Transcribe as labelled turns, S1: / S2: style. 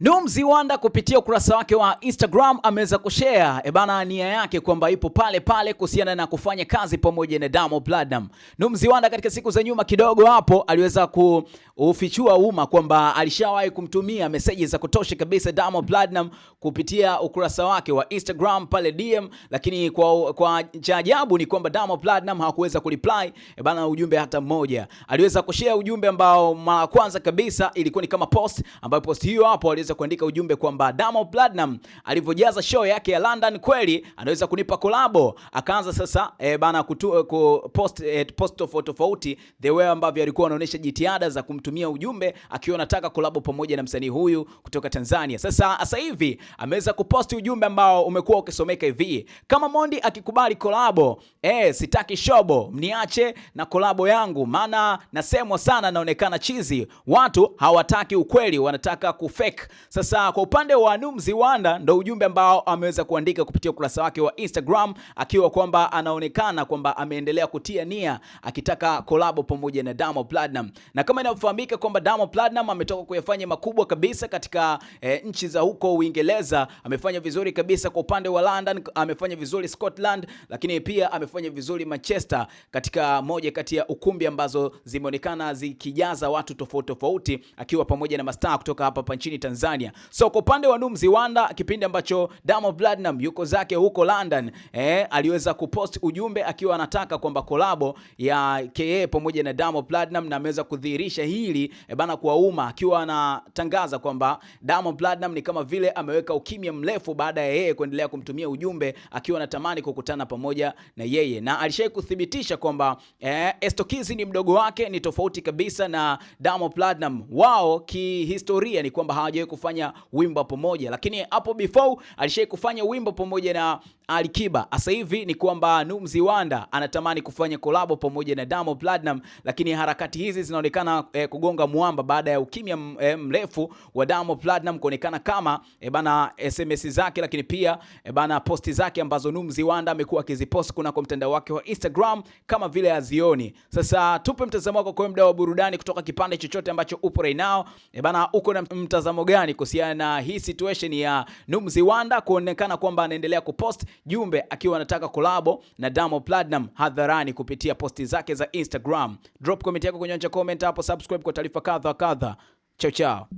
S1: Nuh Wanda kupitia ukurasa wake wa Instagram ameweza kushare ebana nia yake kwamba ipo pale pale kuhusiana na kufanya kazi pamoja na Diamond Platnumz. Nuh Wanda katika siku za nyuma kidogo hapo aliweza ku ufichua umma kwamba alishawahi kumtumia meseji za kutosha kabisa Diamond Platinum kupitia ukurasa wake wa Instagram pale DM, lakini kwa, kwa cha ajabu ni kwamba Diamond Platinum hakuweza kureply e bana ujumbe hata mmoja. Aliweza kushare ujumbe ambao mara kwanza kabisa ilikuwa ni kama post, ambayo post hiyo hapo aliweza kuandika ujumbe kwamba Diamond Platinum alivyojaza show yake ya London kweli anaweza kunipa kolabo. Akaanza sasa e bana kutu, eh, ku post, e, post tofauti tofauti the way ambavyo alikuwa anaonyesha jitihada za kumtu kumtumia ujumbe akiwa anataka kolabo pamoja na msanii huyu kutoka Tanzania. Sasa sasa hivi ameweza kuposti ujumbe ambao umekuwa ukisomeka hivi: kama Mondi akikubali kolabo, eh, sitaki shobo, mniache na kolabo yangu, maana nasemwa sana, naonekana chizi. Watu hawataki ukweli, wanataka kufake. Sasa kwa upande wa Numzi Wanda ndo ujumbe ambao ameweza kuandika kupitia ukurasa wake wa Instagram akiwa kwamba anaonekana kwamba ameendelea kutia nia akitaka kolabo pamoja na Diamond Platnumz na kama inavyofahamika inafahamika kwamba Diamond Platnumz ametoka kuyafanya makubwa kabisa katika e, nchi za huko Uingereza. Amefanya vizuri kabisa kwa upande wa London, amefanya vizuri Scotland, lakini pia amefanya vizuri Manchester, katika moja kati ya ukumbi ambazo zimeonekana zikijaza watu tofauti tofauti, akiwa pamoja na mastaa kutoka hapa hapa nchini Tanzania. So kwa upande wa Numzi Wanda, kipindi ambacho Diamond Platnumz yuko zake huko London, eh, aliweza kupost ujumbe akiwa anataka kwamba kolabo ya KA pamoja na Diamond Platnumz na ameweza kudhihirisha hii pili e bana, kwa umma akiwa anatangaza kwamba Diamond Platinum ni kama vile ameweka ukimya mrefu baada ya yeye kuendelea kumtumia ujumbe akiwa anatamani kukutana pamoja na yeye, na alishai kuthibitisha kwamba eh, Estokizi ni mdogo wake, ni tofauti kabisa na Diamond Platinum. Wao kihistoria ni kwamba hawajawahi kufanya wimbo pamoja, lakini hapo before alishai kufanya wimbo pamoja na Alikiba. Sasa hivi ni kwamba Numzi Wanda anatamani kufanya kolabo pamoja na Diamond Platinum, lakini harakati hizi zinaonekana eh, kugonga mwamba baada ya ukimya eh, mrefu wa Diamond Platnumz kuonekana kama e bana SMS zake, lakini pia e bana posti zake ambazo Nuh Mziwanda amekuwa akiziposti kunako mtandao wake wa Instagram kama vile azioni. Sasa tupe mtazamo wako kwa mda wa burudani kutoka kipande chochote ambacho upo right now. E bana, uko na mtazamo gani kuhusiana na hii situation ya Nuh Mziwanda kuonekana kwamba anaendelea kupost jumbe akiwa anataka kolabo na Diamond Platnumz hadharani kupitia posti zake za Instagram? Drop comment yako kwenye comment hapo, subscribe kwa taarifa kadha kadha. Chao chao.